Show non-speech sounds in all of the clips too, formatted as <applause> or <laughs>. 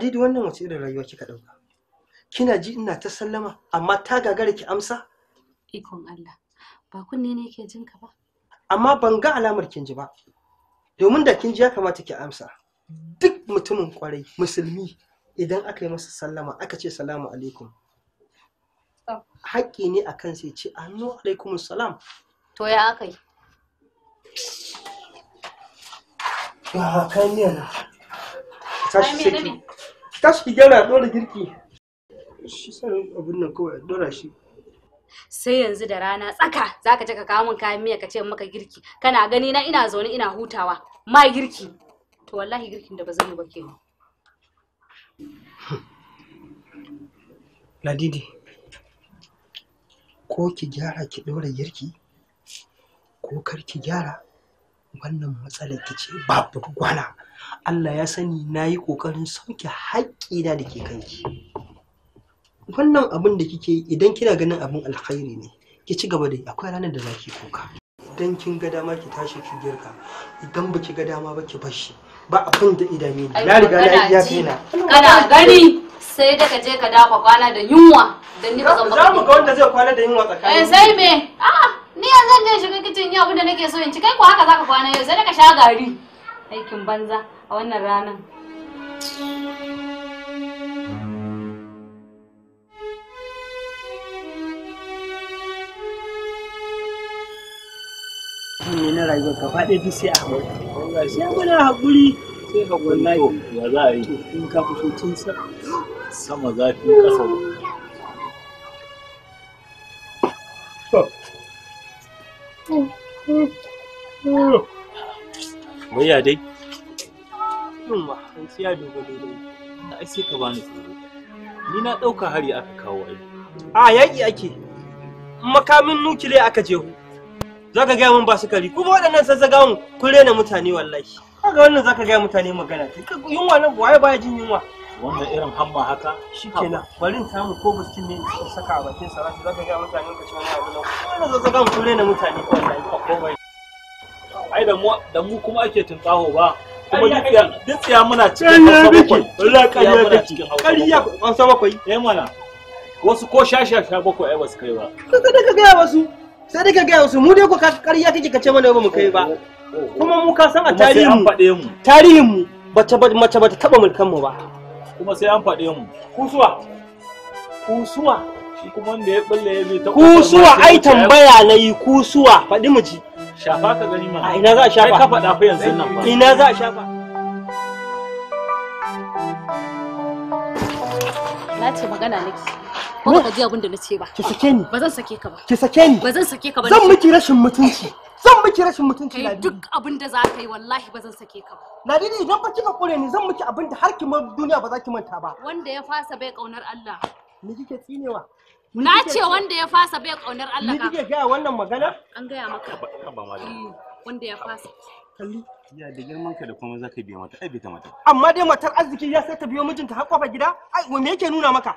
daidai wannan wace irin rayuwa kika ɗauka kina ji ina ta sallama amma ta gagara ki amsa ikon Allah ba kunne ne ke jinka ba amma ban ga alamar kin ji ba domin da kin ji ya kamata ki amsa duk mutumin kwarai musulmi idan aka yi masa sallama aka ce salamu alaikum oh. haƙƙi ne a kan sai ce annu alaikum salam to ya aka yi ya kan yana tashi sai tashi ki gyara dora girki shi sanin abin nan kawai dora shi sai yanzu da rana tsaka zaka je ka kawo min kayan miya ka ce maka girki kana gani na ina zaune ina hutawa ma girki to wallahi girkin da ba zan yi ba kenan hmm. ladidi ko ki gyara ki dora girki ko kar ki gyara wannan matsalar ta ce babu gwana Allah ya sani na yi ƙoƙarin sauke haƙƙi da ke kanki wannan abin da kike idan kina ganin abin alkhairi ne ki ci gaba da yi akwai ranar da za ki kuka idan kin ga dama ki tashi ki girka idan ba ki ga dama ba ki bashi ba abin da idame ne na riga na iya kaina kana gani sai da ka je ka dafa kwana da yunwa dan ni ba zan ba za mu ga wanda zai kwana da yunwa tsakanin eh, sai me a'a ah! ni yanzu zan shiga kicin yau da nake so in ci kai ko haka za zaka kwana yau sai da ka sha gari aikin banza a wannan ranar ne na rayuwar ka faɗe duk sai a haƙuri sai muna haƙuri sai haƙuri na yi ya za a yi in ka fito tun sama zafi ƙasa Murya dai? Yunwa, an siya dogo dai. Ai sai ka bani tsoro. Ni na ɗauka hari aka kawo ai. A yaƙi ake. Makamin nukile aka jeho. Za ka gaya min ba su kari. Kuma waɗannan sassagawan kun rena mutane wallahi. Kaga wannan za ka gaya mutane magana. Yunwa nan waye baya jin yunwa. wannan irin hamma haka shikenan bari in samu ko biskin ne su saka a bakin salati zaka ga mutanen ka cewa abu nan wannan zaka ga mutune na mutane ko wallahi ko komai ai da mu da mu kuma ake tuntaho ba kuma duk ya muna cikin hausa bakwai wallahi kariya kake kariya hausa bakwai eh mana wasu ko shasha sha bakwai ai basu kai ba kaga daga ga wasu sai daga ga wasu mu dai ko kariya kake kace mana ba mu kai ba oh, oh, oh. kuma mu ka san a tarihin mu tarihin mu mace bata taba mulkan mu ba kuma sai an faɗe mu kusuwa kusuwa shi kuma wanda ya bulle ya ta kusuwa ai tambaya na yi kusuwa faɗi mu ji shafa ka gani ma a ina za a shafa ka faɗa fa yanzu nan ba ina za a shafa na ce magana nake ko ka ji abin da na ce ba ki sake ni ba zan sake ka ba ki sake ni ba zan sake ka ba zan miki rashin mutunci zan miki rashin mutunci na duk abin da za ka yi wallahi ba zan sake ka ba Ladidi idan ba kika kure ni zan miki abin da har ki duniya ba za ki manta ba wanda ya fasa bai kaunar Allah ni kike tsinewa na ce wanda ya fasa bai kaunar Allah ka ni kike ga wannan magana an gaya maka ba ma. Eh, wanda ya fasa kalli ya da girman ka da kuma za ka biya mata ai bita mata amma dai matar arziki ya sai ta biyo mijinta har kofa gida ai me yake nuna maka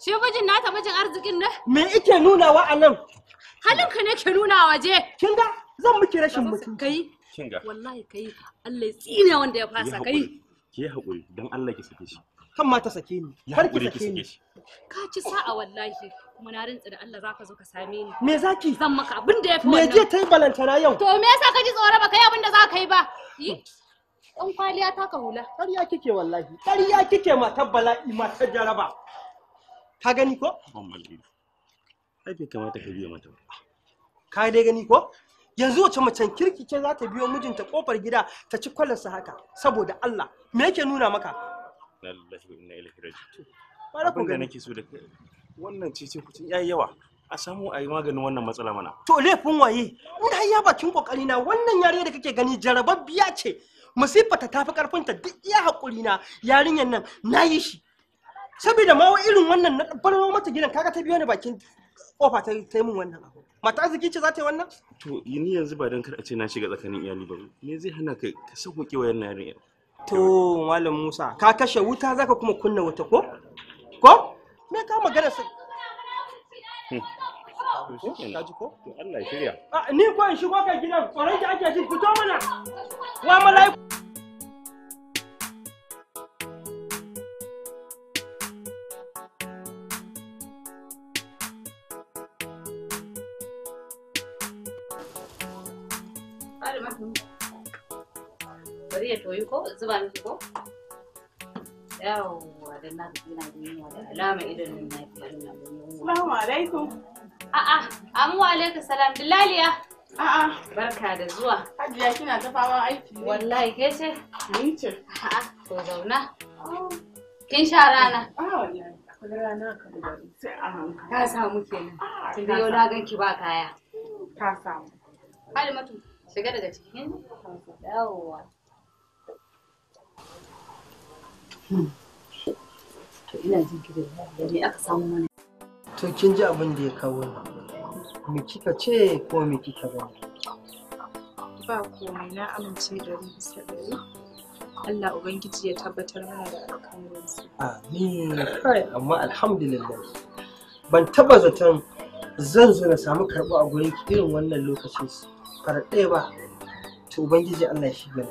shi mijin nata mijin arzikin ne me yake wa a nan halinka ne ke nuna waje kin ga zan miki rashin mutunci kai kinga wallahi kai Allah ya tsine wanda ya fasa kai ki hakuri dan Allah ki sake shi kan ma ta sake ni har ki sake ni ka ci sa'a wallahi kuma na rantsa da Allah zaka zo ka same ni me zaki zan maka abin da yafi wannan me je tai balantana yau to me yasa ka ji tsoro ba kai abin da zaka yi ba dan hmm. kwaliya ta ka hula ƙarya kike wallahi ƙarya kike matar bala'i matar jaraba ka gani ko ban malli ai bai kamata ka biya mata ba ka dai gani ko yanzu wace macen kirki ce za ta biyo mijinta kofar gida ta ci kwallonsa haka saboda Allah me yake nuna maka lallahi inna ilaihi raji'un ga nake so da wannan cece kucin yayi yawa a samu a yi maganin wannan matsala mana to laifin waye ina ya bakin kokari na wannan yarinya da kake gani jarababbiya ce musifa ta tafi karfinta duk iya hakuri na yarinyan nan nayi shi saboda ma irin wannan na barwa mata gidan kaga ta biyo ni bakin kofa ta yi min wannan abu mata arziki ce za ta yi wannan to ni yanzu ba dan kar a ce na shiga tsakanin iyali ba me zai hana ka ka sauƙoƙe wa yana yarin to malam Musa ka kashe wuta zaka kuma kunna wuta ko ko me ka magana su ah, Ni ko in shigo ka gidan tsoron ki ake jin fito mana wa mala'iku bari ya toyi ko da alama a'a amu alaikum salam dillaliya a'a barka da zuwa kina ta fama aiki wallahi ke ce ni ce a'a ko zauna oh. kin sha rana a'a ah, wallahi rana ka da sai a samu kenan ah, na ganki ba kaya samu Shiga daga cikin kansu dawowa. To ina jin ki da aka samu mana. To kin ji abin da ya kawo ni. Me kika ce ko me kika ba? Ba komai na amince da bisa ɗari. Allah Ubangiji ya tabbatar mana da alƙawarinsa. Amin. Kai amma alhamdulillah. Ban taba zaton zan zo na samu karɓa a gurin irin wannan lokacin farar ɗaya ba to ubangiji Allah shi gane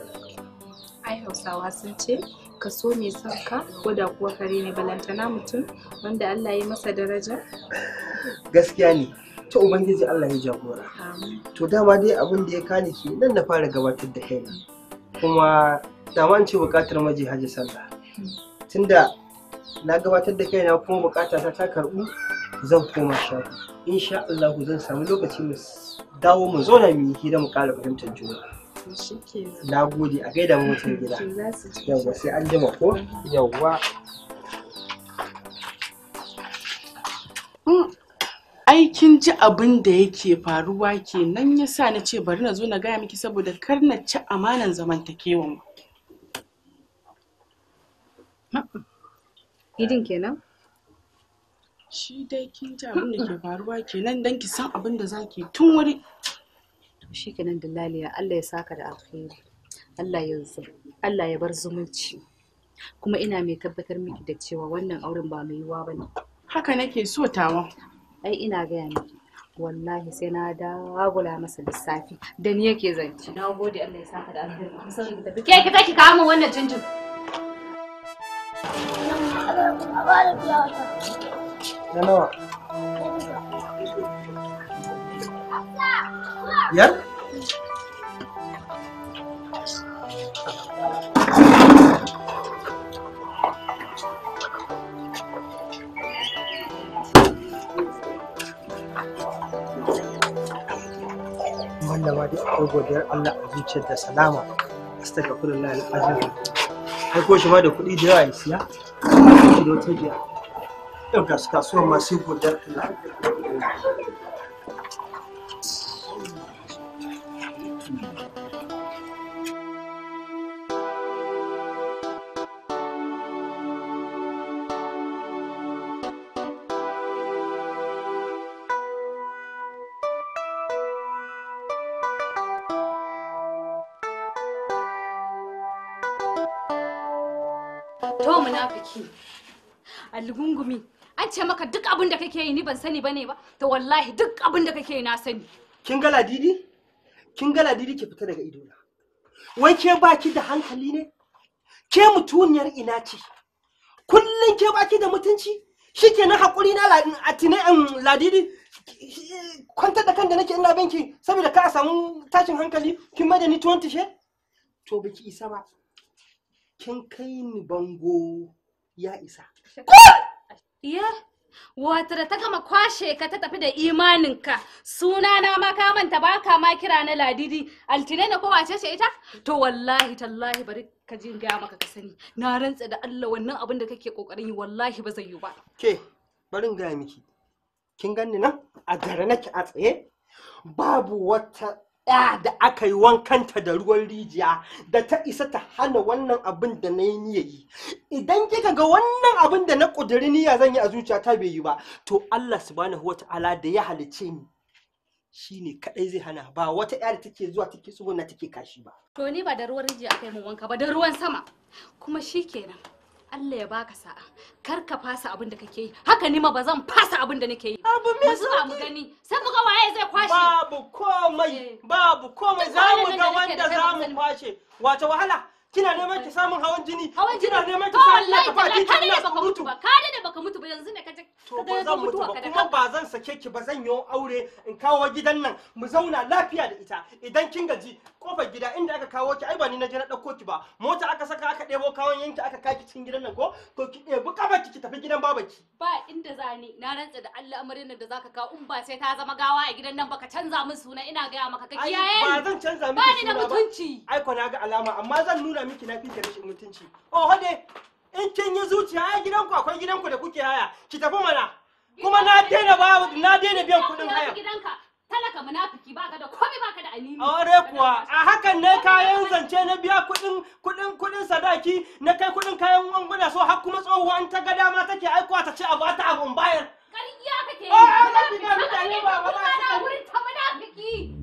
ai hausawa sun ce ka so mai son ka ko da kuwa kare ne balantana mutum wanda Allah ya masa daraja gaskiya ne ta ubangiji Allah ya jagora to dama dai abin da ya kani ke nan na fara gabatar da kaina kuma dama ce bukatar maji haji sallah hmm. tunda na gabatar da kaina kuma bukata ta ta zan koma shafi insha Allah zan samu lokaci mu dawo mu zo na mu hira mu kara fahimtar juna na gode a gaida mu mutum gida <laughs> yawwa sai an jima ko yawwa hmm. aikin ji abin da yake faruwa kenan ya sa na ce bari na zo na gaya miki saboda kar na ci amanan zamantakewan idin kenan shi dai kin ji abin da ke faruwa kenan dan ki san abin da zaki tun wuri to shikenan dalaliya Allah ya saka da alkhairi Allah ya Allah ya bar zumunci kuma ina mai tabbatar miki da cewa wannan auren ba mai yiwuwa bane haka nake so tawa ai ina gaya miki wallahi sai na dagula masa lissafi da ni yake zance na gode Allah ya saka da alkhairi. kusan ki tafi ki taki kawo min wannan jinjin Allah ya ba da biya ننوع يلا wannan ma dai akwai godiyar Allah a zuciyar da salama astagfirullah alazim kai ko shi ma da kuɗi da yawa ya siya shi da wata biya Yau ga kasuwar masu guda To munafiki, a algungumi ce maka duk abin da kake yi ni ban sani bane ba to wallahi duk abin da kake yi na sani kin ga ladidi kin ga ladidi ke fita daga idona wai ke baki da hankali ne ke mutuniyar ina ce kullun ke baki da mutunci na hakuri na a tine ladidi kwantar da kan da nake ina banki saboda ka samu tashin hankali kin mai da ni tuwon she to biki isa ba kin kai ni bango ya isa Iya? Wata da ta gama kwashe ka ta tafi da imaninka suna na ma ka manta ba ka ma kira na ladidi altine na ko wace ce ita to wallahi tallahi bari ka jin gaya maka ka sani na rantsa da Allah wannan abin da kake kokarin yi wallahi ba zai yi ba ke bari in gaya miki kin ganni nan a gare nake a tsaye babu wata ya da aka yi wankanta da ruwan rijiya da ta isa ta hana wannan abin da na yi yi idan kika ga wannan abin da na ƙudiri niyya zan yi a zuciya ta bai yi ba to Allah subhanahu wa Ta'ala da ya halice ni shi ne kaɗai zai hana ba wata ƴa da take zuwa take na take kashi ba to ni ba da ruwan rijiya aka mu wanka ba da ruwan sama kuma shikenan Allah ya baka sa'a kar ka fasa abin da kake yi haka ni ma ba zan fasa abin da nake yi abu me zuwa mu gani sai ku ga waye zai kwashe babu komai eh. babu komai za mu ga wanda za mu kwashe wato wahala kina neman ki samun hawan jini hawan jini kina neman ki samun ka ba ki baka mutu ba ka da baka mutu ba yanzu ne ka je to ba zan mutu ba kuma ba zan sake ki ba zan yi aure in kawo gidan nan mu zauna lafiya da ita idan kin gaji kofar gida inda aka kawo ki ai ba ni na je na dauko ki ba mota aka saka aka debo kawon yanki aka kaki cikin gidan nan ko to ki debo kafa ki tafi gidan babaki ba inda zani na rantsa da Allah amarin nan da zaka kawo in ba sai ta zama gawa a gidan nan baka canza min suna ina ga maka ka kiyaye ba zan canza miki suna ba ni da mutunci ai ko na ga alama amma zan nuna miki na fita rashin mutunci oho dai in kin yi zuciya a gidanku akwai gidanku da kuke haya ki tafi mana kuma na daina ba na daina biyan kuɗin haya talaka munafiki kuwa a hakan ne kayan zance na biya kuɗin sadaki na kai kuɗin kayan wanguna so har kuma tsohuwa an ta ga dama take aikowa ta ce abu ta abun bayar kake yi ba ba ba wurin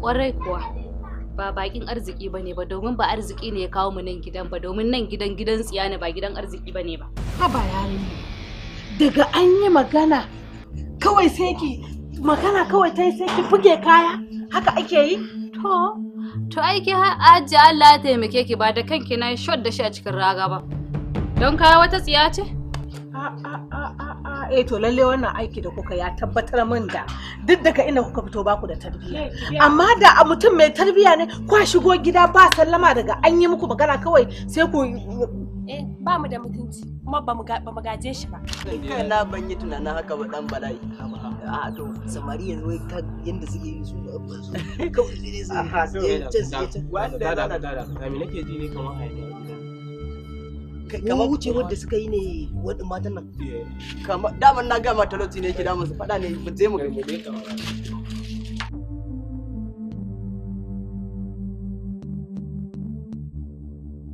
Kwarai kuwa ba bakin arziki ne ba domin ba arziki ne ya kawo mu nan gidan ba domin nan gidan gidan tsiya ne ba gidan arziki ne ba. Haba yarinya daga an yi magana kawai sai ki magana kawai ta sai ki buge kaya haka ake yi. To to aiki hajji Allah ya taimake ki ba da kanki na shot da shi a cikin raga ba. Don kaya wata tsiya ce? A'a. a eh to lalle wannan aiki da kuka ya tabbatar min da duk daga ina kuka fito ba ku da tarbiyya amma da a mutum mai tarbiyya ne kwa shigo gida ba sallama daga an yi muku magana kawai sai ku eh ba mu da mutunci kuma ba mu gaje shi ba kai la ban yi tunanin haka ba dan bala'i a to samari yanzu ka yanda suke yi su kawai ne sai da da da da nake ji ne kamar kamar wuce wadda suka yi ne wadda matan nan kamar na gama talauci ne yake damun su faɗa ne mu je mu gani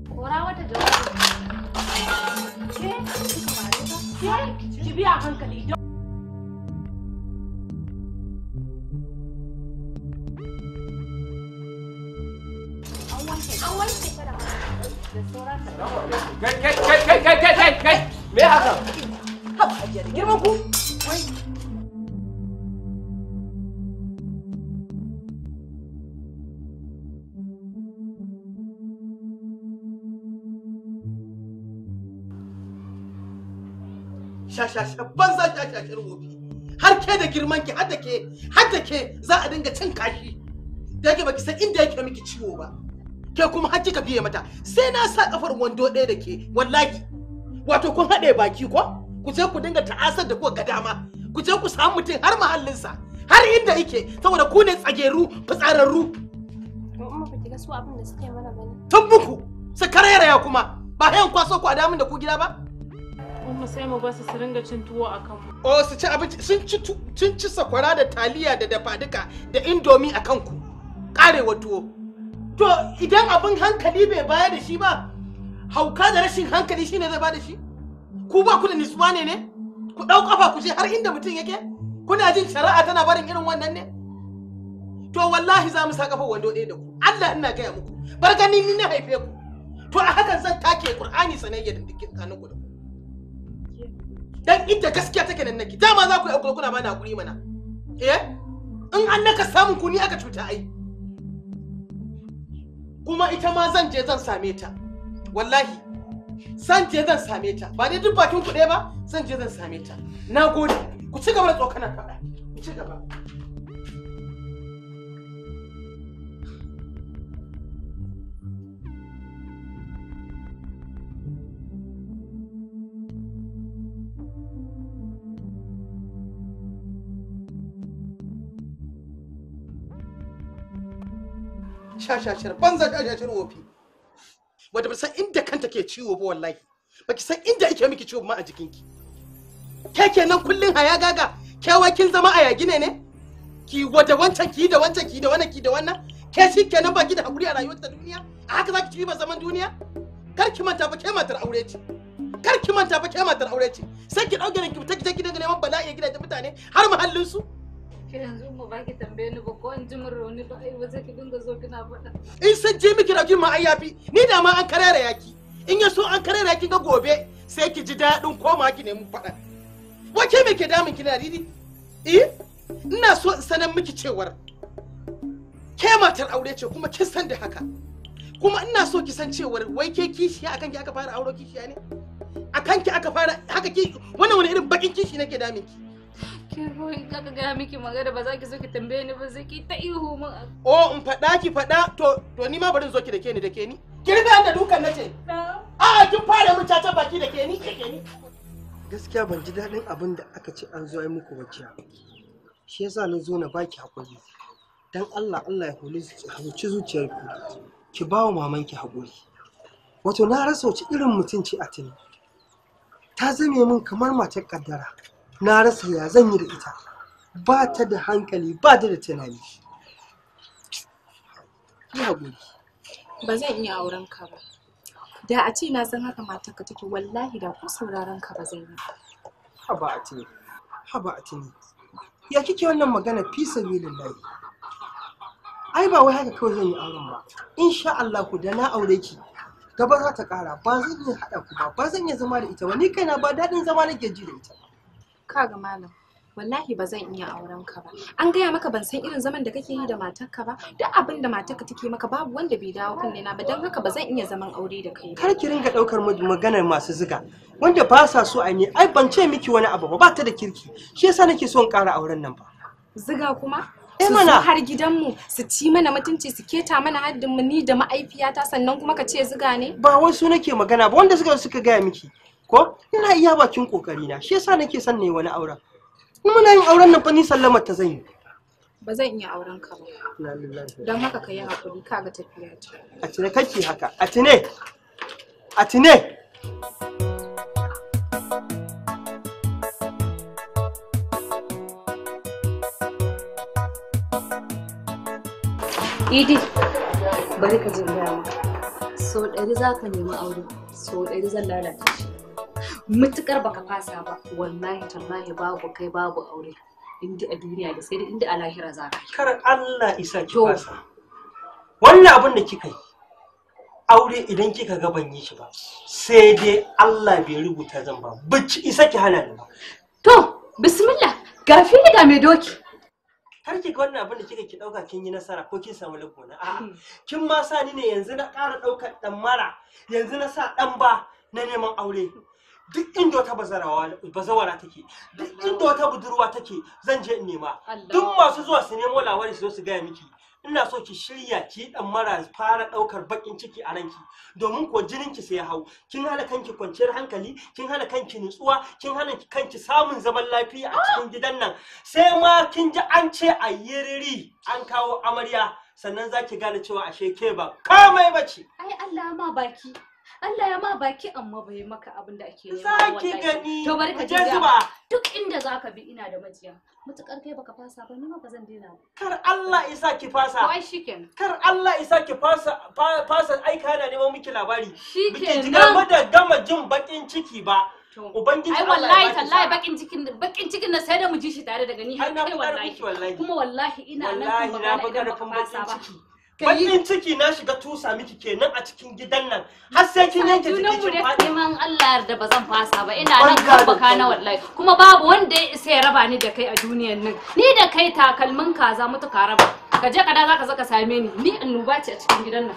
kora wata jawabi ke ki biya hankali Kai kai kai kai kai kai kai kai me haka? Haba ajiya da girman ku. Shashasha banza shashashar gobe. Har ke da girman ki har da ke har da ke za a dinga cin kashi. Da yake baki san inda yake miki ciwo ba. ke kuma har kika biye mata sai na sa kafar wando ɗaya da ke wallahi wato kun haɗe baki ko ku je ku dinga ta'asar da ku ga dama ku je ku samu mutum har mahallinsa har inda yake saboda ku ne tsageru fitsararru tun muku su karayaraya kuma ba hayan kwaso ku a damun da ku gida ba mu sai mu basu su ringa cin tuwo a kanmu. Oh su ci abinci sun ci sun ci sakwara da taliya da dafaduka da indomi a kanku. Karewa tuwo. to idan abin hankali bai bayar da shi ba hauka da rashin hankali shine zai bada shi ku ba ku da nisuwa ne ne ku ɗau ƙafa ku je har inda mutum yake kuna jin shari'a tana barin irin wannan ne to wallahi za mu sa ƙafa wando ɗaya da ku Allah ina gaya muku bar gani ni na haife ku to a hakan zan take Qur'ani sanayya da dukkan kanin ku dan inda gaskiya take nan nake dama za ku yi kuna ba na hakuri mana eh in an naka samun ku ni aka cuta ai kuma ita ma zan je zan same ta wallahi zan je zan same ta ba dai duk bakin ku ɗaya ba zan je zan same ta na gode ku ci gaba da tsokana faɗa ku ci gaba shashashar banza shashashar wofi wadda ba san inda kanta ke ciwo ba wallahi ba ki san inda ake miki ciwo ma a jikinki ke kenan kullun haya gaga kin zama a yagi ne ki wada wancan ki da wancan ki da wannan ki da wannan ke shi kenan da hakuri a rayuwar ta duniya a haka zaki ci ba zaman duniya kar ki manta ba ke matar aure ce kar ki manta ba ke matar aure ce sai ki dauke ki fita ki je ki neman bala'i a gidajen mutane har mahallin su ke yanzu in ji miki rauki ma ai yafi ni da ma an karera yaki in ya so an karera yaki ga gobe sai ki ji daɗin koma ki nemi faɗa. Wace me ke damun ki na riri? Eh ina so in sanar miki cewar ke matar aure ce kuma kin san da haka. Kuma ina so ki san cewar wai ke kishiya akan ki aka fara auro kishiya ne? Akan ki aka fara haka ki wannan wani irin bakin kishi nake damin ki. Ki in kaka gaya miki magana ba ki ki tambaye ni ba zai ta ihu mun. Oh faɗa ki faɗa to to ni ma bari zo ki da ke ni da ke ni. da dukan nace. A'a kin fara mun caca baki da ke ni ke ni. Gaskiya ban ji daɗin abin da aka ce an zo ai muku wajiya. Shi yasa na zo na baki hakuri. Dan Allah Allah ya holici zuciyarku. Ki ba wa mamanki hakuri. Wato na rasa wace irin mutunci a tuni. Ta zame min kamar matar kaddara. na rasa ya zan yi da ita ba ta da hankali ba ta da tunani ya gobe ba zan iya auren ka ba da a ce na san haka matar ka take wallahi da ko sauraron ka ba zan yi haba a ce haba a ce ya kike wannan magana fi lillahi ai ba wai haka kawai zan yi auren ba insha Allah ku da na aure ki gaba za ta kara ba zan iya haɗa ku ba ba zan iya zama da ita ba ni kaina ba daɗin zama nake ji da ita ba kaga malam wallahi ba zan iya auren ka ba an gaya maka ban san irin zaman da kake yi da matarka ba duk abin da matarka take maka babu wanda bai dawo kunne na ba don haka ba zan iya zaman aure da kai kar ki ringa daukar maganar masu ziga wanda ba sa so a ne ai ban ce miki wani abu ba ba ta da kirki shi yasa nake so in ƙara auren nan ba ziga kuma eh, su mana har gidanmu su ci mana mutunci su keta mana haddin mu ni da ma'aifiyata sannan kuma ka ce ziga ne ba wai su nake magana ba wanda suka suka gaya miki ko ina iya bakin kokari na shi yasa nake son ne wani auren Kuma na yin auren nan fa ni sallamar ta zan yi ba zan iya auren ka ba don haka ka yi hakuri ka ga tafiya ta a tine kake haka a tine a tine Idi, bari ka jin dama. Sau ɗari za ka nemi aure, sau ɗari zan lalata shi. mutukar baka fasa ba wallahi tallahi babu kai babu aure inda a duniya da sai inda a lahira za ka kar Allah isa ki fasa wannan abin da kika yi aure idan kika ga ban yi shi ba sai dai Allah bai rubuta zan ba bici isa ki halal ba to bismillah ga fili ga mai doki har ki wannan abin da kika ki dauka kin yi nasara ko kin samu lagona a'a hmm. kin ma sa ni ne yanzu na ƙara daukar dan mara yanzu na sa dan ba na neman aure duk inda wata bazawara take duk inda wata budurwa take zan je in nema duk masu zuwa su nemo labari su zo su gaya miki ina so ki shirya ki dan mara fara daukar bakin ciki a ranki domin ko jinin ki sai ya hau kin hana kanki kwanciyar hankali kin hana kanki nutsuwa kin hana kanki samun zaman lafiya a cikin gidan nan sai ma kin ji an ce a yiriri an kawo amarya sannan zaki gane cewa ashe ke ba kamai bace ai Allah ma baki Allah ya ma baki amma bai maka abin da ake nema wallahi. gani. To bari ka je zuba. Duk inda zaka bi ina da majiya. Mutukar kai baka fasa ba ni ma ba zan daina ba. Kar Allah isa ki fasa. Wai ai Kar Allah isa ki fasa fasa ai kana neman miki labari. Shikenan. Biki jiga ba da gama jin bakin ciki ba. Ubangiji Ai wallahi tallahi bakin cikin bakin cikin na sai da mu ji shi tare daga ni har kai wallahi. Kuma wallahi ina nan ba ba na karfin bakin ciki. bakin ciki na shiga tusa miki kenan a cikin gidan nan har sai kin yanke jiki kin fadi man Allah yarda ba zan fasa ba ina nan gaba na wallahi kuma babu wanda ya isa ya raba ni da kai a duniyar nan ni da kai takalmin kaza mutu ka raba ka je kada zaka zaka same ni ni annoba ce a cikin gidan nan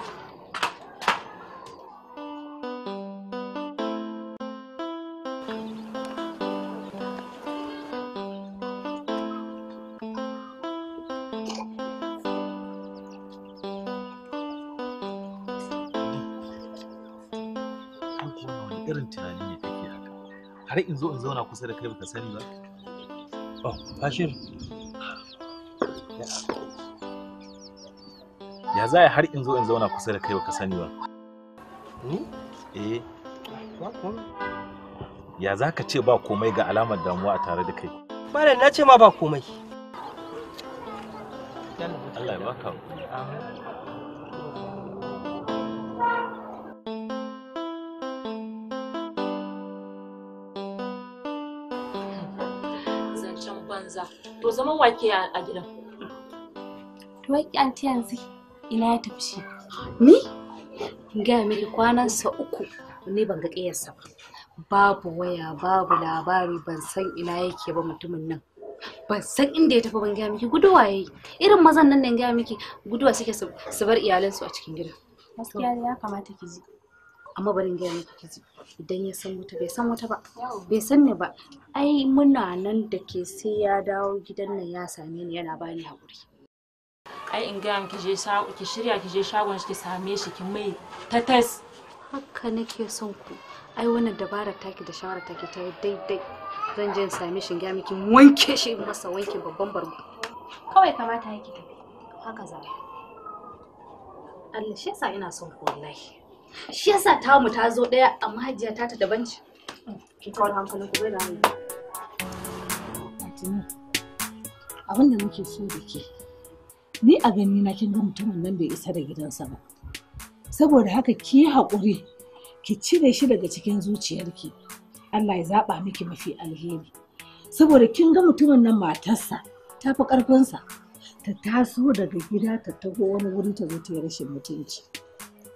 in zo in zauna kusa da kai baka sani ba oh bashir ya za har in zo in zauna kusa da kai baka sani ba ni eh ya za ka ce ba komai ga alamar damuwa a tare da kai malam na ce ma ba komai Allah ya baka Amin. to zaman wake a gidan to wake an ta yanzu ina ya tafi shi ni ga miki kwanan sa uku ne ban ga ƙiyarsa ba babu waya babu labari ban san ina yake ba mutumin nan ban san inda ya tafi ban gaya miki guduwa yayi irin mazan nan ne gaya miki guduwa suke su bar iyalansu a cikin gida gaskiya ya kamata ki ji amma barin gaya maka kizi idan ya san wata bai san wata ba bai san ni ba ai muna nan da ke sai ya dawo gidan nan ya same ni yana bani hakuri ai in gaya miki je ki shirya ki je shagon shi ki same shi ki mai tatas haka nake son ku ai wannan dabarar taki da shawarar take ta daidai zan je in same shi gaya miki wanke shi masa wanke babban bargo kawai kamata yake tafi haka za Allah shi yasa ina son ku wallahi shi yasa tamu ta zo ɗaya amma hajiya ta ta daban ce abin da muke so da ke ni a gani na kin ga mutumin nan bai isa da gidansa ba saboda haka ki haƙuri ki cire shi daga cikin zuciyarki Allah ya zaɓa miki mafi alheri saboda kin ga mutumin nan matarsa ta fi ƙarfinsa ta taso daga gida ta taho wani wuri ta zo ta yi rashin mutunci.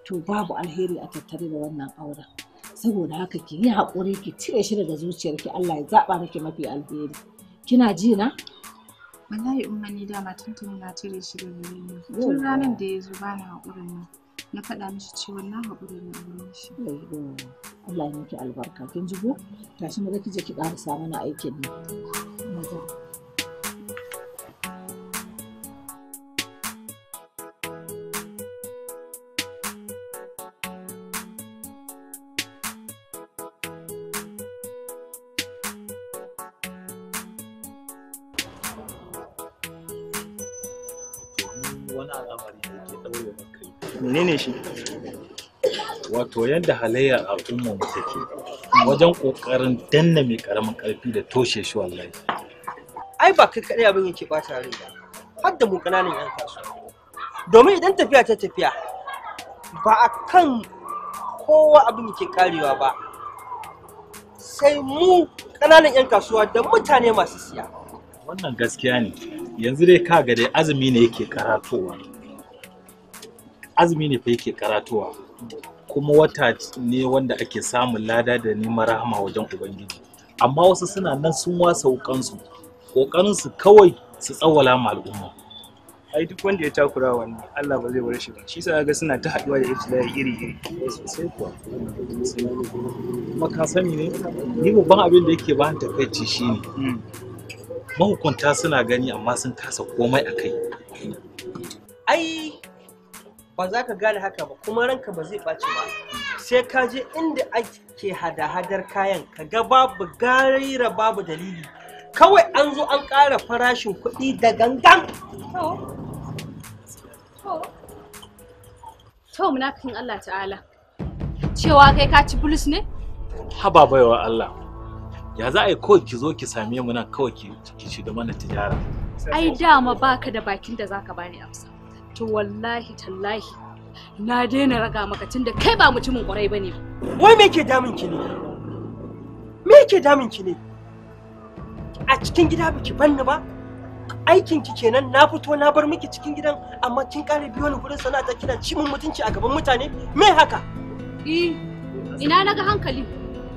to babu alheri a tattare da wannan auren saboda haka ki yi haƙuri ki cire shi daga zuciyarki Allah ya zaɓa miki mafi alheri kina ji na wallahi umma ni dama tun na cire shi daga gare tun ranar da ya zo ba na haƙurin ne na faɗa mishi cewa na haƙuri a gare shi Allah ya miki albarka kin ji ko tashi mu zaki je ki samu mana aikin nan to yadda halayyar al'umma mu take wajen kokarin danna mai karamin karfi da toshe shi wallahi ai ba kai kadai abin yake bata rai ba har da mu kananan yan kasuwa domin idan tafiya ta tafiya ba a kan kowa abin yake karewa ba sai mu kananan yan kasuwa da mutane masu siya wannan gaskiya ne yanzu dai ka ga dai azumi ne yake karatowa azumi ne fa yake karatowa kuma wata ne wanda ake samun lada da neman rahama wajen ubangiji amma wasu suna nan sun wasa wukansu ƙoƙarinsu kawai su tsawala ma al'umma ai duk wanda ya takura wannan Allah ba zai bar shi ba shi sa ga suna ta haɗuwa da da iri iri sosai kuwa ka sani ne ni babban abin da yake ba ni takaici ne. Hmm. mahukunta suna gani amma sun kasa komai a kai ai ba za ka gane haka ba kuma ranka ba zai ɓaci ba sai ka je inda ake hada-hadar kayan ka ga babu garira babu dalili kawai an zo an ƙara farashin kuɗi da gangan to munafikin Allah ta'ala cewa kai ka ci bulus ne haba baiwa Allah ya za a yi kawai ki zo ki same mu nan kawai ki ci da mana tijara ai dama baka da bakin da zaka bani amsa to wallahi tallahi na daina raga maka tunda kai ba mutumin kwarai ba ne wai me ke damun ki ne me ke damun ki ne a cikin gida biki banni ba aikin ki kenan na fito na bar miki cikin gidan amma kin kare biyo ni gurin ta, kina cimin mutunci a gaban mutane me haka eh ina naga hankali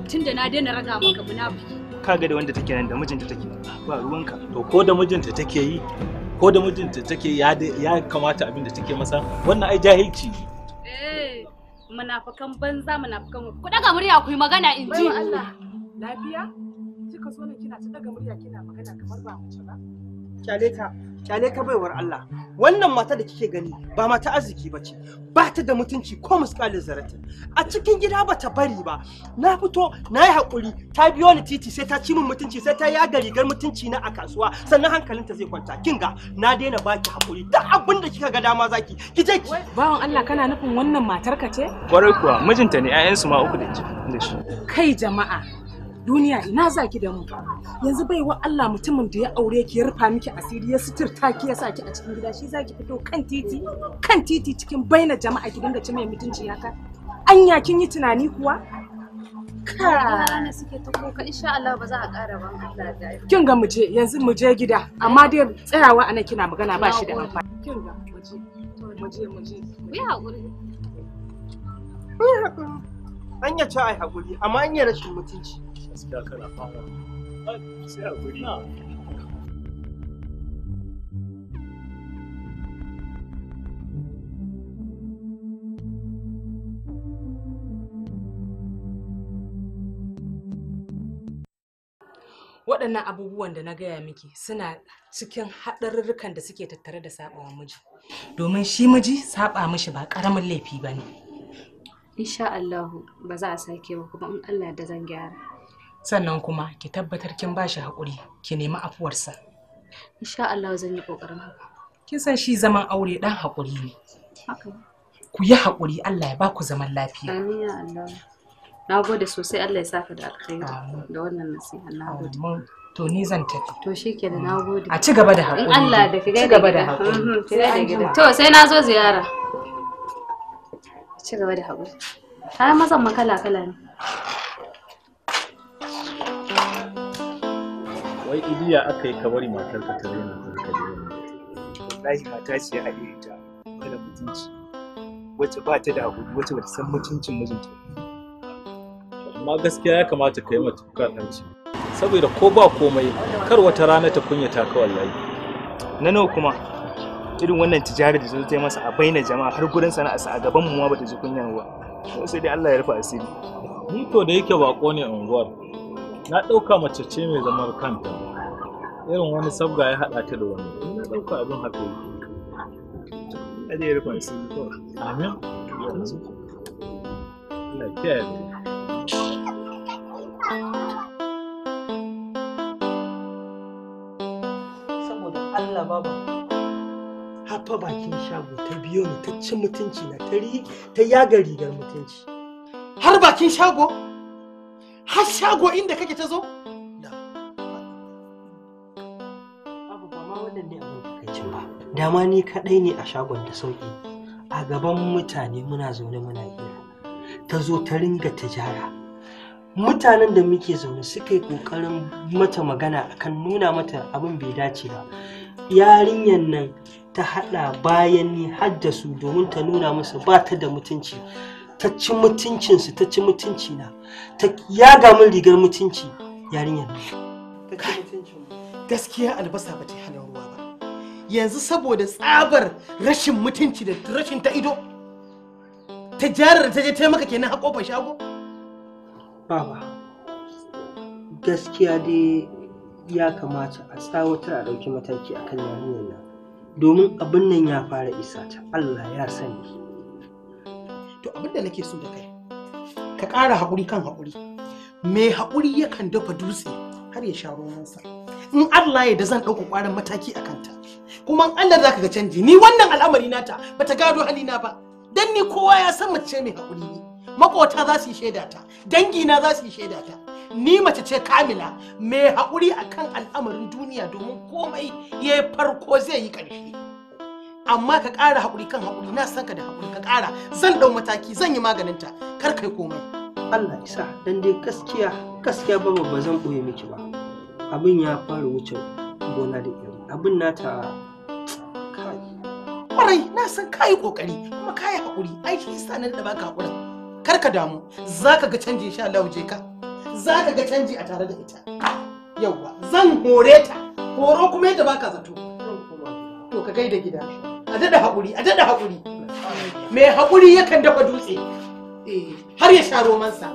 tunda na daina raga maka munafiki kaga da wanda take nan da mijinta take ba ruwanka to ko da mijinta take yi ko da mijinta take ya kamata abin da take masa wannan ai jahilci ne eh, munafukan banza munafukan ku daga murya ku yi magana in ji Allah lafiya kika so ne kina ta daga murya kina magana kamar ba mace ba kyale ka kyale baiwar Allah wannan mata da kike gani ba mata arziki ba ce ba ta da mutunci ko muskalin zaratin a cikin gida ba ta bari ba na fito na yi haƙuri ta biyo ni titi sai ta ci min mutunci sai ta yaga rigar mutunci na a kasuwa sannan hankalinta zai kwanta kinga na daina baki hakuri duk abin da kika ga dama zaki ki je ki bawan Allah kana nufin wannan matar ka ce kwarai kuwa mijinta ne ƴaƴansu ma uku da shi kai jama'a duniya ina za ki da mu yanzu bai wa Allah mutumin da ya aure ki ya rufa miki asiri ya suturta ki ya saki a cikin gida shi za ki fito kan titi kan titi cikin baina jama'a ki dinga ci mai mutunci ya ka anya kin yi tunani kuwa ka suke ta kuka insha Allah ba za a ƙara ban Allah da kin ga mu je yanzu mu je gida amma dai tsayawa anan kina magana ba shi da amfani kin ga mu je mu je mu je hakuri ku hakuri anya ce ai hakuri amma anya rashin mutunci gaskiya waɗannan abubuwan da na gaya miki suna cikin haɗarurrukan da suke tattare da wa miji domin shi miji saɓa mishi ba ƙaramin laifi ba ne insha Allahu ba za a sake ba kuma in Allah da zan gyara sannan kuma ki tabbatar kin ba shi haƙuri ki nemi afuwarsa insha Allah zan yi kokarin haka kin san shi zaman aure dan haƙuri ne ku yi haƙuri Allah ya ba ku zaman lafiya amin ya Allah na gode sosai Allah ya saka da alkhairi da wannan nasiha na gode to ni zan tafi to shikenan na gode a ci gaba da haƙuri in Allah da ki ci gaba da haƙuri mm-hmm. to sai na zo ziyara ci gaba da haƙuri ai mazan makala kala ne wai idiya aka yi kabari matar ka ta rena ta ka raina wallahi mata ce a irin ta kada mutunci wacce ba ta da abu wacce bata san mutuncin mijinta amma gaskiya ya kamata ka yi mata ɗanci. saboda ko ba komai kar wata rana ta ta ka wallahi na nawa kuma irin wannan tijari da zai masa a baina jama'a har gurin sana'arsa a gaban mu ma bata ji kunyan ba sai dai Allah ya rufe asiri ni to da yake bako ne a unguwar na ɗauka mace ce mai zaman kanta irin wani sabga ya haɗa ta da wani na ɗauka abin haka yi ya rufa su amin lafiya saboda Allah baba haffa bakin shago ta biyo ni ta ci mutunci na ta yaga rigar mutunci har bakin shago har shago inda kake ta zo abu ba ma wannan ne abin takaicin ba dama ni kadai ne a shagon da sauki a gaban mutane muna zaune muna hira ta zo ta ringa tijara mutanen da muke zaune suka yi kokarin mata magana akan nuna mata abin bai dace ba Yarinyan nan ta haɗa bayan ni su domin ta nuna musu ba ta da mutunci ta ci mutuncinsu ta ci mutuncina ta ga min rigar mutunci yarinyar gaskiya albasa ba ta hana ruwa ba yanzu saboda tsabar rashin mutunci da rashin ta ido ta jarar ta je ta maka kenan a kofar shago baba gaskiya dai ya kamata a tsawatar a ɗauki mataki akan yarinyar nan domin abin nan ya fara isa ta allah ya sani to abin da nake so da kai ka ƙara hakuri kan haƙuri mai haƙuri yakan dafa dutse har ya sha ruwansa in Allah ya da zan ɗauka ƙwarin mataki a kanta kuma Allah za ka ga canji ni wannan al'amari nata ta gado halina ba dan ni kowa ya san mace mai hakuri ne makota za su yi shaida ta dangi na za su yi shaida ta ni mace ce kamila mai haƙuri akan al'amarin duniya domin komai ya farko zai yi ƙarshe amma ka ƙara haƙuri kan haƙuri na san ka da haƙuri ka ƙara zan ɗau mataki zan yi maganinta kar kai komai Allah isa dan dai gaskiya gaskiya ba ba zan ɓoye miki ba abin ya fara wuce gona da iri abin nata kai na san ka yi ƙoƙari kuma ka yi haƙuri ai shi yasa na da baka haƙurin kar ka damu za ka ga canji insha Allah je ka za ka ga canji a tare da ita yauwa zan hore ta horo kuma yadda baka zato to ka gaida gida a daɗa haƙuri a daɗa haƙuri mai haƙuri yakan dafa dutse har ya sha romansa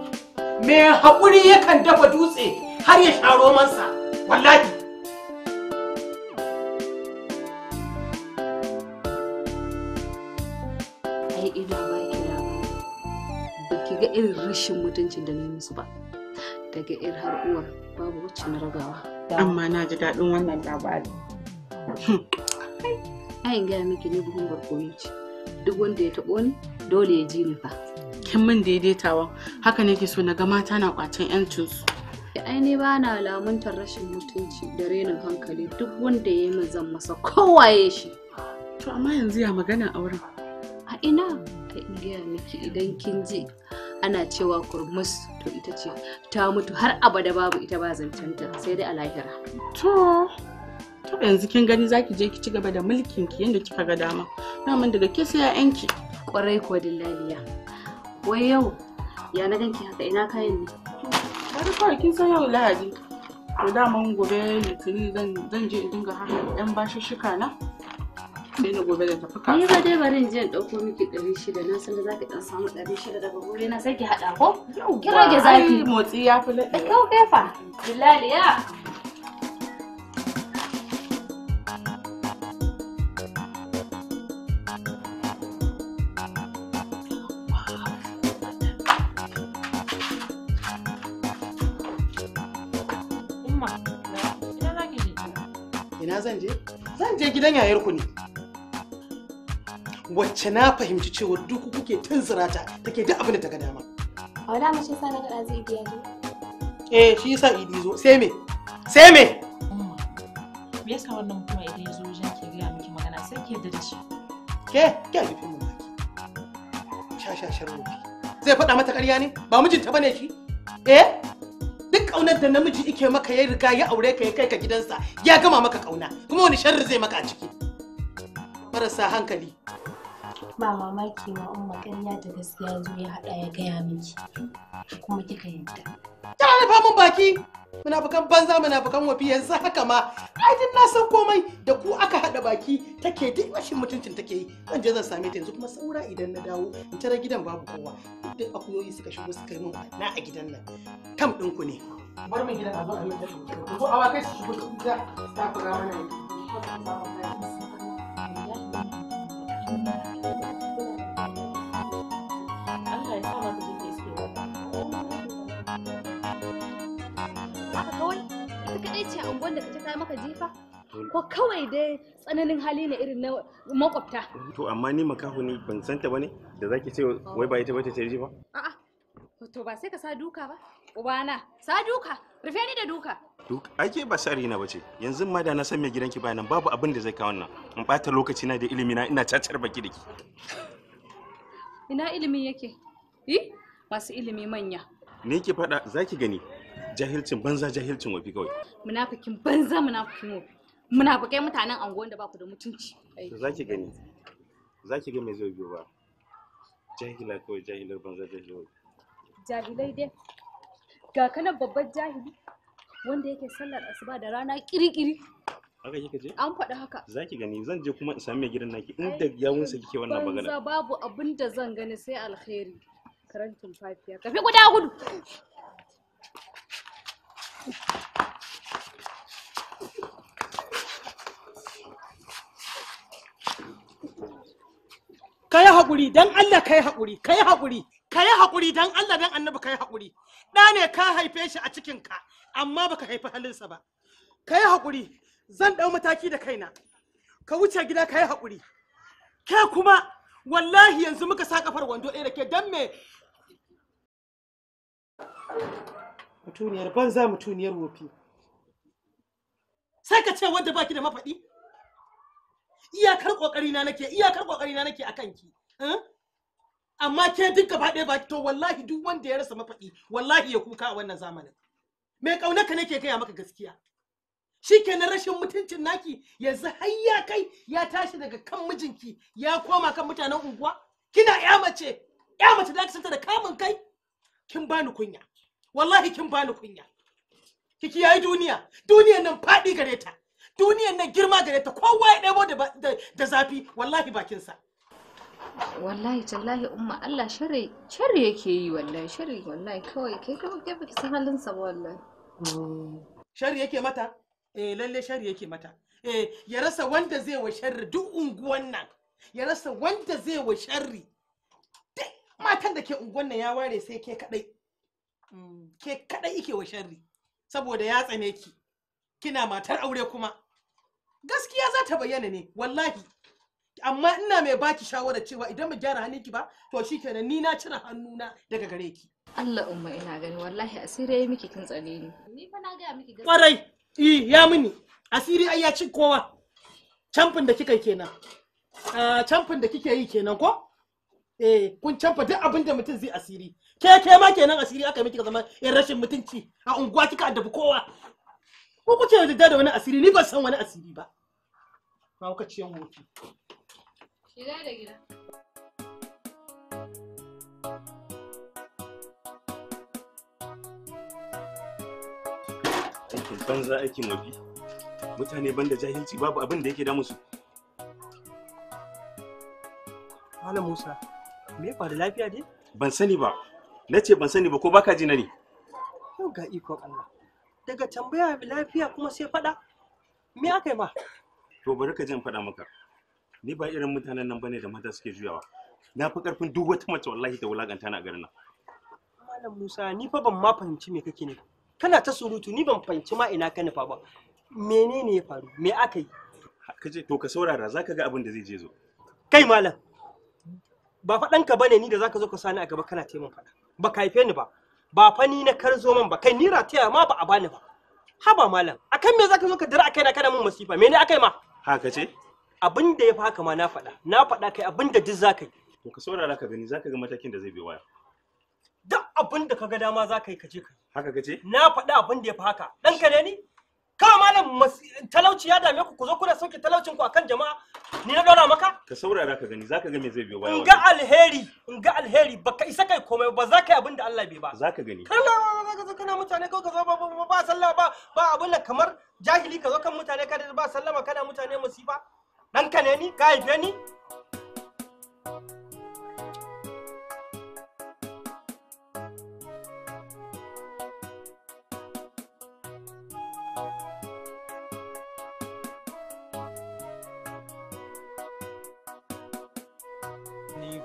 mai haƙuri yakan dafa dutse har ya sha romansa wallahi ai ina ba ina ba ki ga irin rashin mutuncin da na yi ba daga ir har uwar babu wacce na ragawa amma na ji daɗin wannan labari hmm. ayin gaya miki ne buhun barkono ce duk wanda ya taɓo ni dole ya ji ni fa kin min daidaitawa haka ne ke so na ga mata na kwacen yancinsu ai ne ba na lamuntar rashin mutunci da renin hankali duk wanda ya yi min zan masa kowaye shi to amma yanzu ya magana auren a ina ta gaya miki idan kin ji ana cewa kurmus to ita ce ta mutu har abada babu ita ba zancenta sai dai a lahira to yanzu kin gani zaki je ki ci gaba da mulkin ki yanda kika ga dama naman daga ke sai yanki kwarai ko dillaliya wai yau ya na ganki haka ina kayan ne bari kawai kin san yau lahadi to daman gobe litini zan je in dinga haka yan shika na sai na gobe da tafi ka. Ni ba dai barin je in dauko miki ɗari shida na san da za ɗan samu ɗari shida daga gobe na sai ki haɗa ko? kira rage zafi. motsi ya fi laɗe. Kau kefa. dillaliya. gidan yayar ku ne wacce na fahimci cewa duk kuke tunzurata take duk abin da ta ga dama a wala mace sa na gada zai biya ne eh shi yasa idi zo sai me sai me me yasa wannan kuma idi zo wajen ke gaya miki magana sai ke yadda da shi ke ke ji mun baki sha sha sharrofi zai faɗa mata ƙarya ne ba mijinta bane shi eh duk ƙaunar da namiji yake maka ya riga ya aure ka ya kai ka gidansa ya gama maka ƙauna kuma wani sharri zai maka a ciki marasa hankali ba mamaki ma umma ƙarya da gaskiya zo ya haɗa ya gaya miki kuma kika yadda ta alfa min baki munafukan banza munafukan wafi yanzu haka ma ai din na san komai da ku aka haɗa baki take duk rashin mutuncin take yi zan je zan same ta yanzu kuma saura idan na dawo in tara gidan babu kowa duk akuyoyi suka shigo suka yi na a gidan nan kam ɗin ku ne bar mu gidan a zo a yi ku shigo su ta mana ne Thank you. wanda ka ce kai maka jifa ko kawai dai tsananin hali ne irin na makwabta to amma ni makaho ne ban san ta bane da zaki ce wai ba ita bace ta jifa a'a to ba sai ka sa duka ba ubana sa duka rufe ni da duka duk ake ba sari na bace yanzu ma da na san mai gidanki bayanan babu abin da zai kawo nan in bata lokaci na da ilimi na ina cacar baki da ki ina ilimi yake yi masu ilimi manya ne ki faɗa za ki gani jahilcin banza jahilcin wafi kawai munafikin banza munafikin wafi munafikai mutanen anguwan da ba ku da mutunci zaki gani zaki ga mai zai biyo ba jahila kawai jahilar banza jahilar jahilai dai ga kanan babban jahili wanda yake sallar asuba da rana kirikiri haka kika je an faɗi haka zaki gani zan je kuma in sami mai gidan naki inda yawunsa kike wannan magana banza babu abinda da zan gani sai alkhairi karantin fafiya kafi guda gudu ka yi haƙuri don Allah ka yi haƙuri ka yi haƙuri ka yi haƙuri don Allah don annabi ka yi haƙuri ɗa ne ka haife shi a cikinka amma baka haifi sa ba ka yi haƙuri zan ɗau mataki da kaina ka wuce gida ka yi haƙuri ke kuma wallahi yanzu muka sa kafar wando ɗaya da ke don me mutuniyar banza mutuniyar wofi sai ka ce wanda baki da mafaɗi iyakar kokari na nake iyakar kokari na nake akan ki eh? amma ke dinka gaba baki to wallahi duk wanda ya rasa mafaɗi wallahi ya kuka a wannan zamanin mai kaunaka nake gaya maka gaskiya shikenan rashin mutuncin naki yanzu har ya kai ya tashi daga kan mijinki ya koma kan mutanen unguwa kina ya mace ya mace da ta da kamun kai kin bani kunya wallahi kin bani kunya kiki yayi duniya duniyan nan faɗi gare ta duniyan nan girma gare ta kowa ya ɗebo da zafi wallahi bakin sa. wallahi tallahi umma Allah shari shari yake yi wallahi shari wallahi kawai kai kawai kai baki san halin sa wallahi shari yake mata eh lalle shari yake mata eh ya rasa wanda zai wa sharri duk unguwan nan ya rasa wanda zai wa sharri duk matan da ke unguwan nan ya ware sai ke kadai ke kadai yake wa sharri saboda ya tsane ki kina matar aure kuma gaskiya za ta bayyana ne wallahi amma ina mai baki shawara cewa idan mu gyara hannunki ba to shikenan ni na cire hannuna daga gare ki Allah umma ina gani wallahi asiri yayi miki kin tsane ni ni fa na ga miki gaskiya kwarai eh ya muni asiri ai ya ci kowa camfin da kika kenan ah, camfin da kike yi kenan ko eh kun canfa duk abin da mutum zai asiri ke ke ma kenan asiri aka miki zama yan rashin mutunci a unguwa kika addabi kowa ko kuke da da wani asiri ni ban san wani asiri ba ma kuka yan hoto shiga da gida aikin banza aikin wabi mutane banda jahilci babu abin da yake damu su Malam Musa, Me da lafiya dai? Ban sani ba. Na ce ban sani ba ko baka ji na ne? Yau ga ikon Allah. Daga tambaya lafiya kuma sai faɗa. Me aka yi ma? To bari ka jin faɗa maka. Ni ba irin mutanen nan bane da mata suke juyawa. Na fi ƙarfin duk wata mace wallahi ta wulaƙanta na a garin nan. Malam Musa ni fa ban ma fahimci me kake ne. Kana ta surutu ni ban fahimci ma ina ka nufa ba. Menene ya faru? Me aka yi? Kace to ka saurara zaka ga abin da zai je zo. Kai malam ba faɗanka ɗanka bane ni da zaka zo ka sani a gaba kana min faɗa ba ka haife ni ba ba fa ni na karzo man ba kai ni rataya ma ba a bani ba haba malam akan me zaka zo ka dira akai na kana min masifa me ne akai ma haka ce abin da ya fi haka ma na faɗa na faɗa kai abin da duk zaka yi to ka saurara ka gani zaka ga matakin da zai bi waya duk abin da ka ga dama zaka yi ka je ka haka ce na faɗa abin da ya fi haka ka ne ni kawai malam talauci ya dame ku ku zo kuna sauke talaucin ku akan jama'a ni na dora maka ka saurara ka gani zaka ga me zai biyo baya in ga alheri in ga alheri baka isa kai komai ba za ka yi abin da Allah bai ba zaka gani kana zaka na mutane ko ka zo ba ba sallama ba ba abin da kamar jahili ka zo kan mutane ka ba sallama kana mutane musiba dan ka ne ni ka haife ni thank you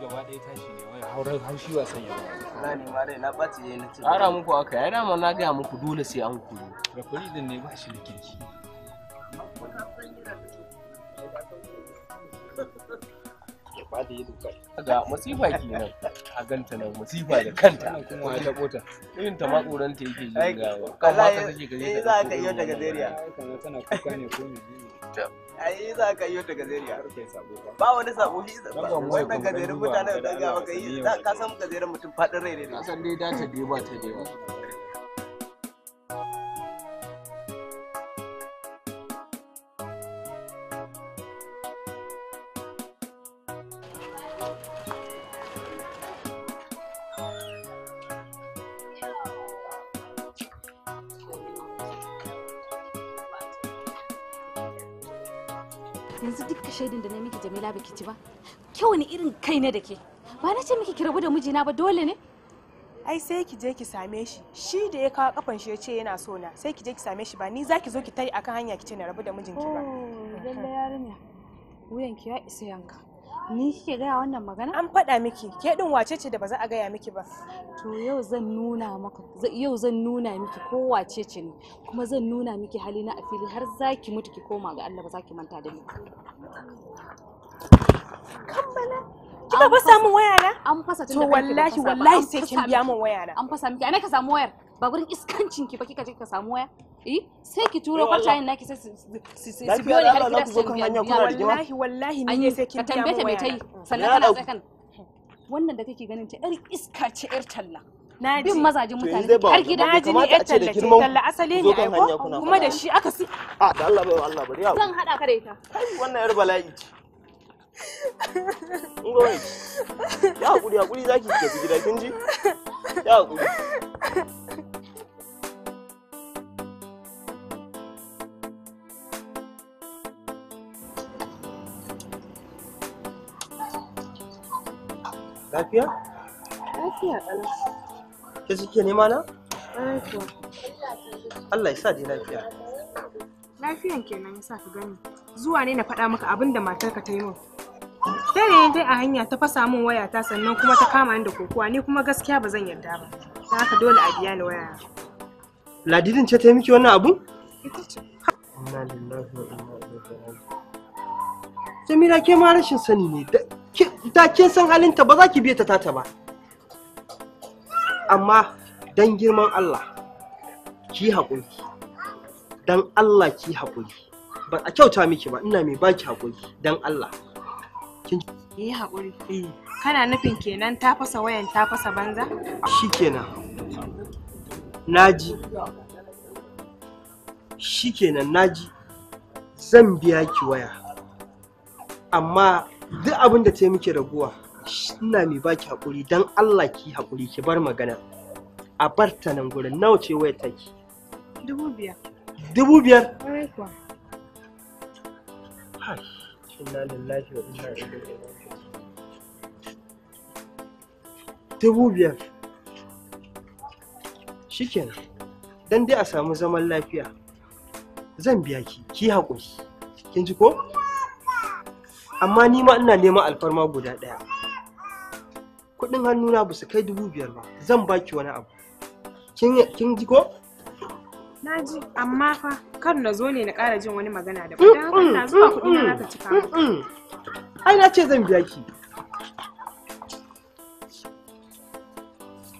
gaba ɗaya tashi ne waya hauren haushi wasan yawa na ne ma dai na ɓace yayi na ce ara muku aka ya dama na gaya muku dole sai an kuru rafari din ne ba shi da kirki ba da yi duka ga masifa nan a ganta nan masifa da kanta kuma ya tabo ta irin ta ma ta yake yi ga kan ma ka sake ka je ka za ka yi daga zariya tana kuka ne ko ne ai za ka yi wata gazeriya ba wani sabo shi wannan gazerin mutanen da ga baka yi ka san gazerin mutum fadin rai ne ka san dai dace dai ba ta dai ba rikici ba kyau wani irin kai ne da ke ba na ce miki ki rabu da mijina ba dole ne ai sai ki je ki same shi shi da ya kawo kafan shi ya ce yana so na sai ki je ki same shi ba ni zaki zo ki tayi akan hanya ki ce na rabu da mijinki ba oh, lalle yarinya wuyan ya isa yanka Ni kike gaya wannan magana? An faɗa miki, ke ɗin wace ce da ba za a gaya miki ba. To yau zan nuna maka, yau zan nuna miki ko wace ce ne, kuma zan nuna miki hali a fili har za ki mutu ki koma ga Allah ba za ki manta da ni. Kammala. Kika ba samu waya na? An fasa tunda da To wallahi wallahi sai kin biya min waya na. An fasa miki, ana ka samu wayar. Ba gurin iskancin ki ba kika je ka samu waya. Eh? sai ki turo kwatayen naki sai su biyo ni har gida su biya wallahi wallahi ni ne sai kin biya ka tambaye ta me sannan kana tsakan wannan da kake ganin ta yar iska ce yar talla bin mazajin mutane har gida na ji ni yar talla ce talla asali ne ai ko kuma da shi aka si a da Allah bai Allah bari zan hada ka da ita wannan yar bala'i ce Ngoyi, ya hakuri hakuri zaki ki tafi gida kin ji? Ya hakuri. Lafiya? Lafiya ƙalau. Ke suke nema na? Lafiya. Allah ya sa je lafiya. Lafiyan kenan ya sa ka gani. Zuwa ne na faɗa maka abin da matarka ta yi min. Ta ne dai a hanya ta fasa min wayata sannan kuma ta kama ni da kokowa ni kuma gaskiya ba zan yarda ba. Ta haka dole a biya ni waya. Ladidin ce ta yi miki wannan abu? Ita ce. Inna lillahi wa inna ilaihi raji'un. Jamila ke ma rashin sani ne. da kin san halinta ba za ki biya ta tata ba amma dan girman Allah ki haƙuri dan Allah ki haƙuri ba a kyauta miki ba ina mai baki haƙuri dan Allah kin yi haƙuri kana nufin kenan ta fasa wayan ta fasa banza shikenan naji shikenan naji zan biya ki waya amma duk abin da ta muke raguwa ina mai baki hakuri don Allah ki hakuri ki bar magana a bar ta nan gurin nawa ce wayar take dubu biyar dubu biyar dubu biyar shikenan don dai a samu zaman lafiya zan biya ki ki haƙuri kin ji ko amma ni ma ina neman alfarma guda ɗaya kuɗin hannuna ba su kai dubu biyar ba zan baki wani abu kin ji ko na ji amma fa kar na zo ne na ƙara jin wani magana da ba mm, don na mm, zuwa mm, kuɗin na ka cika ai na ce zan biya ki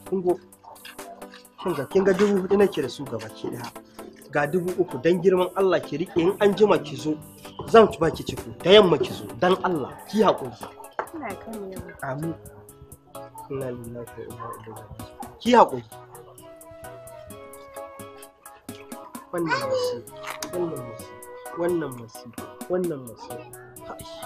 kungo kinga kinga dubu hudu nake da su gaba ke daya ga dubu uku don girman Allah ki rike in an jima ki zo za mu ci baki ciko da yamma ki zo dan Allah ki haƙuri ina kan yamma amin ina lillahi wa inna ki haƙuri wannan masu wannan masu wannan masu wannan masu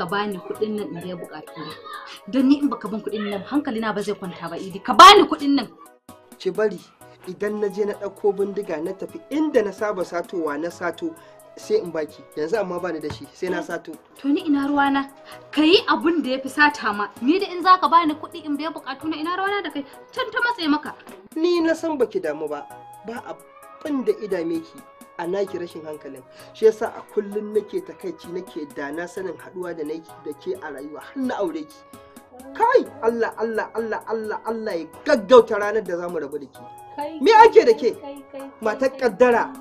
ka bani kuɗin nan in ya bukatu ba, don ni in baka ban kuɗin nan hankali na ba zai kwanta ba idi ka bani kuɗin nan ki bari idan na je na ɗauko bindiga na tafi inda na saba satowa na sato sai in baki yanzu amma ba ni da shi sai na sato to ni ina ruwana ka yi abun da ya fi sata ma ni da in zaka bani kuɗi in bai bukatu na ina ruwana da kai can ta matse maka ni na san baki damu ba ba abin da idame ki a naki rashin hankalin shi yasa a kullum nake takaici nake da na sanin haduwa da nake da ke a rayuwa har na aure ki kai Allah Allah Allah Allah Allah ya gaggauta ranar da zamu rabu da ke me ake da ke Mata kaddara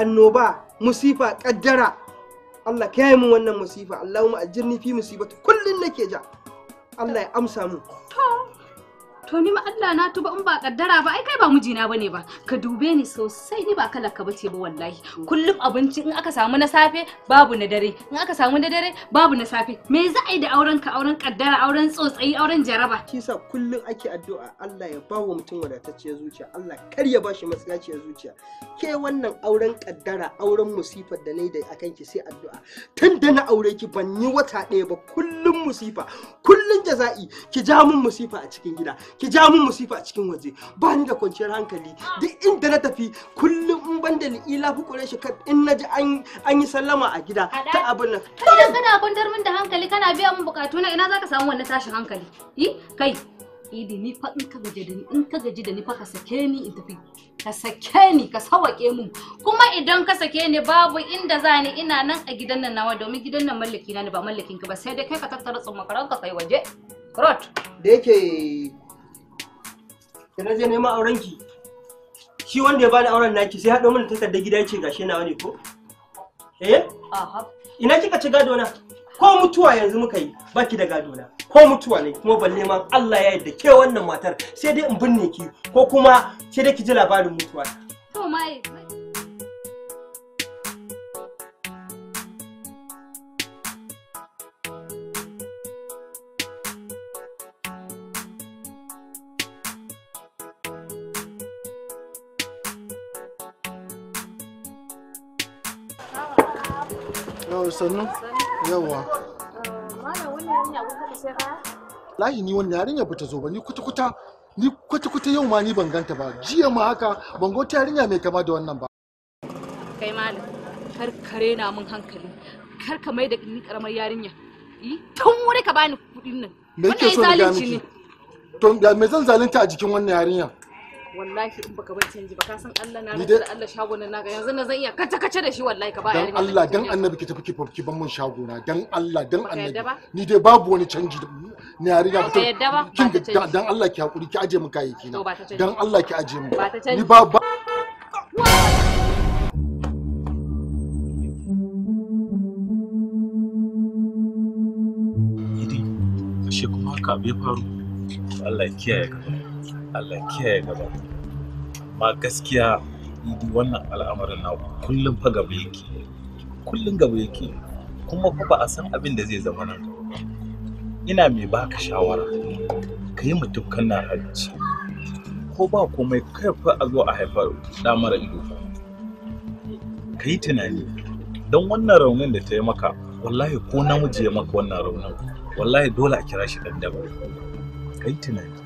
annoba musifa kaddara Allah ka yi min wannan musifa Allahumma ajirni fi musibati kullun nake ja Allah ya amsa mu To ni ma Allah na tuba in ba kaddara ba ai kai ba mijina bane ba. Ka dube ni sosai ni ba ka bace ba wallahi. Kullum abinci in aka samu na safe babu na dare, in aka samu na dare babu na safe. Me za a yi da auren ka auren kaddara, auren tsotsayi, auren jaraba? Kisa kullum ake addu'a Allah ya ba wa mutum wadatacciyar zuciya, Allah kar ya ba bashi matsalanciyar zuciya. Ke wannan auren kaddara, auren musifa da nayi da akan ki sai addu'a. Tun da na aure ki ban yi wata ɗaya ba kullum musifa, kullum jaza'i, ki ja mun musifa a cikin gida. ki ja mun musifa a cikin waje ba ni da kwanciyar hankali duk inda na tafi kullum in ban da li'ila fi kure shi in na ji an yi sallama a gida ta abin nan kai kana kwantar min da hankali kana biya mun bukatu na ina zaka samu wannan tashin hankali yi kai idi ni fa in ka gaji da ni in ka gaji da ni fa ka sake ni in tafi ka sake ni ka sawake mun kuma idan ka sake ni babu inda za ni ina nan a gidan nan nawa domin gidan nan mallaki na ba mallakin ka ba sai dai kai ka tattara tsumma ka kai waje Rot. Da yake da na je neman auren ki shi wanda ya bani auren naki sai haɗo mana takardar gida ce gashi nawa ne ko eh aha ina kika ci gado na ko mutuwa yanzu muka yi baki da gado na ko mutuwa ne kuma balle ma Allah ya yarda ke wannan matar sai dai in binne ki ko kuma sai dai ki ji labarin mutuwa to mai sannu yawa lahi ni wannan yarinya ba ta zo ba ni kuta-kuta ni kuta-kuta yau ma ni ban ganta ba jiya ma haka ban ga wata yarinya mai kama da wannan ba kai malam kar kare na mun hankali kar ka mai da ni karamar yarinya tun wuri ka bani kudin nan me kike so ga miki to me zan zalunta a jikin wannan yarinya wallahi in baka bar canji ba ka san Allah na rantsa da Allah shagonan naka yanzu na zan iya kace kace da shi wallahi ka ba yarinya dan Allah dan annabi ki tafi ki farki ban mun shagona dan Allah dan annabi ni dai babu wani canji ni ya riga fito kin ga dan Allah ki hakuri ki aje mun kayayyaki na dan Allah ki aje mun ni ba ba Shi kuma k'a bai faru. Allah ya kiyaye ka. Allah kiyaye gaba ma gaskiya idi wannan al'amarin na kullum fa gaba yake kullum gaba yake kuma fa ba a san abin da zai zama nan ina mai baka shawara ka yi mutukan na hajji ko ba komai kai fa a zo a haifar da mara ido ka yi tunani don wannan raunin da ta yi maka wallahi ko namiji ya maka wannan raunin wallahi dole a kira shi dan daban ka yi tunani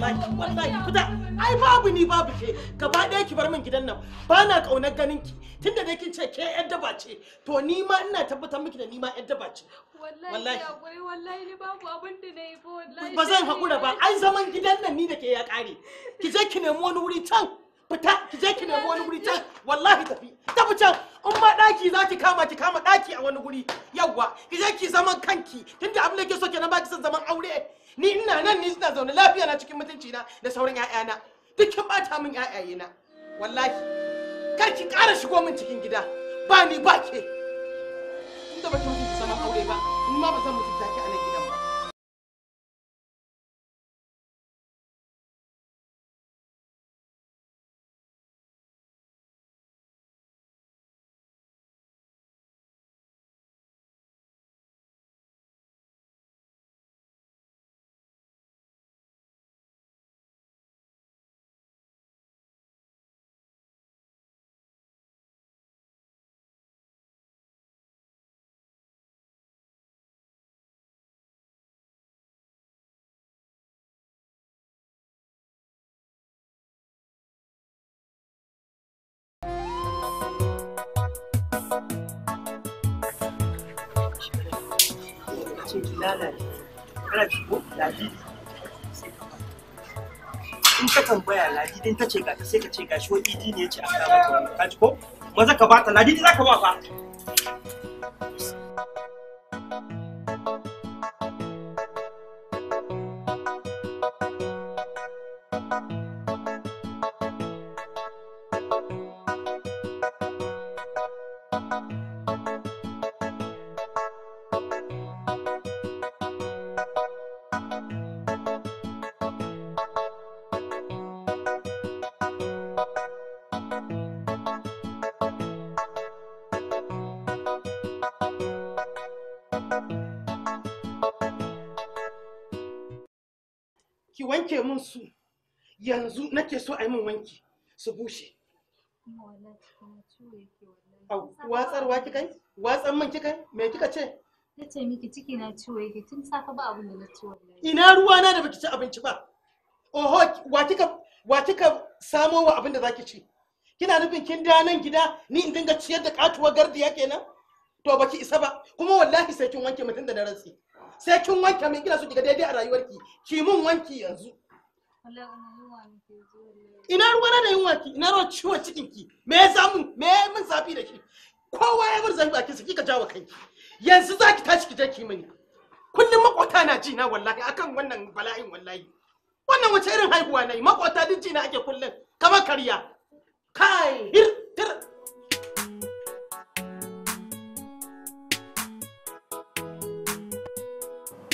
wallahi wallahi fita ai babu ni babu ke gaba ɗaya ki bar min gidan nan bana na ƙaunar ganin ki tunda dai kin ce ke yar daba ce to ni ma ina tabbatar miki da ni ma yar daba ce wallahi wallahi wallahi ni babu abin da nayi ba wallahi ba zan haƙura ba ai zaman gidan nan ni da ke ya ƙare ki je ki nemi wani wuri can fita ki je ki nemi wani wuri can wallahi tafi tafi can in ma daki za ki kama ki kama daki a wani guri yawwa ki je ki zaman kanki tunda abin da ke so kenan ba ki son zaman aure ni ina nan ni suna zaune lafiya na cikin mutunci na da sauran ƴaƴana duk kin bata min ƴaƴaye na wallahi kar ki ƙara shigo min cikin gida ba ni ba ke da ba ki mutunta zaman aure ba in ma ba zan mutunta ki a nan kana shigo ladidi sai ka in ka tambaya ladidin ta ce gata sai ka ce gashi wani idi ne ya ce aka mata ka ji maza ka bata ladidi za ka ba fa ki wanke min su yanzu nake so a yi min wanki su bushe watsarwa kikai watsan min kikai me kika ce ta ce miki ciki na ciwo yake tun safe ba abin da na ciwo ina ruwa na da baki ci abinci ba oho wa kika wa kika samo wa abin da zaki ci kina nufin kin da nan gida ni in dinga ciyar da katuwar gardiya kenan to baki isa ba kuma wallahi sai kin wanke mutum da na rantsi sai kin wanke min gina su kiga daidai a rayuwarki ki mun wanki yanzu ina ruwa na da yunwa ki ina ruwa ciwon cikin ki me ya samu me ya min zafi da shi kowa ya bar zafi a bakin sa kika jawo kanki yanzu za ki tashi ki je ki mani kullum makota na ji na wallahi akan wannan bala'in wallahi wannan wace irin haihuwa na yi makota duk ji na ake kullum kamar karya kai hir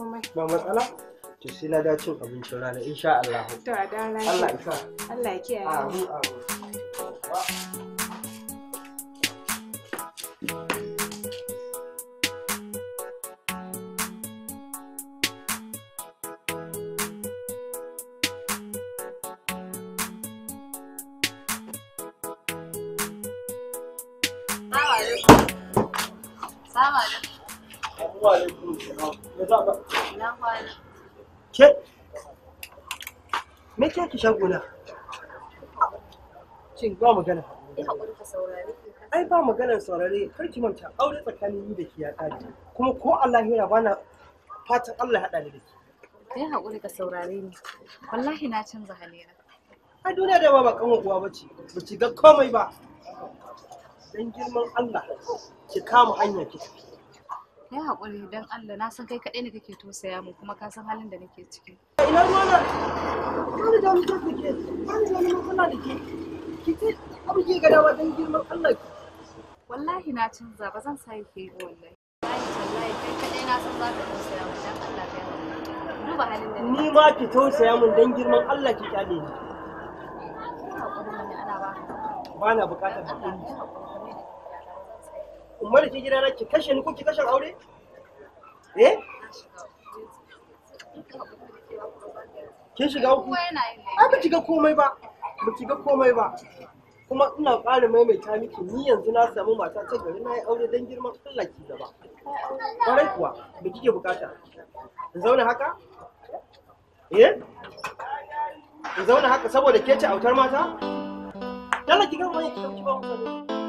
komai ba matsala to sai na da cin abincin rana insha Allah to a Allah isa Allah ya kiyaye amin amin Assalamu Ke? Me ke ki shagona? Cin ba magana. Ai ba maganar saurare kar ki manta aure tsakanin ni da ki ya kare kuma ko Allah ya yana bana fatan Allah ya haɗa da ki. Kai haƙuri ka saurare ni. Wallahi na canza halina. Ai duniya da ba ba uwa bace. Ba ki ga komai ba. Dan girman Allah ki kama hanya ki tafi. Kai haƙuri don Allah na san kai kaɗai ne kake tosaya mu kuma ka san halin da nake ciki. Ina ruwana? Ba ni da wani da ke, ba ni da wani matsala da ke. Ki ce abu ke gada wa don girman Allah ki. Wallahi na canza ba zan sa ke yi wallahi. Wallahi wallahi kai kaɗai na san za ka tosaya mu don Allah ka yi Duba halin da Ni ma ki tosaya mu don girman Allah ki kyale ni. Ba na bukatar haƙuri. umar ki gidana ki kashe ni ko ki kashe aure eh kin shiga uku ai ba ki ga komai ba ba ki ga komai ba kuma ina ƙara maimaita miki ni yanzu na samu mata ta gari na yi aure don girman Allah ki gaba ƙwarai kuwa da kike bukata in zauna haka eh in zauna haka saboda ke ce autar mata dala ki gama ki ɗauki ba mutane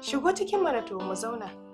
Shigo cikin marato mu zauna.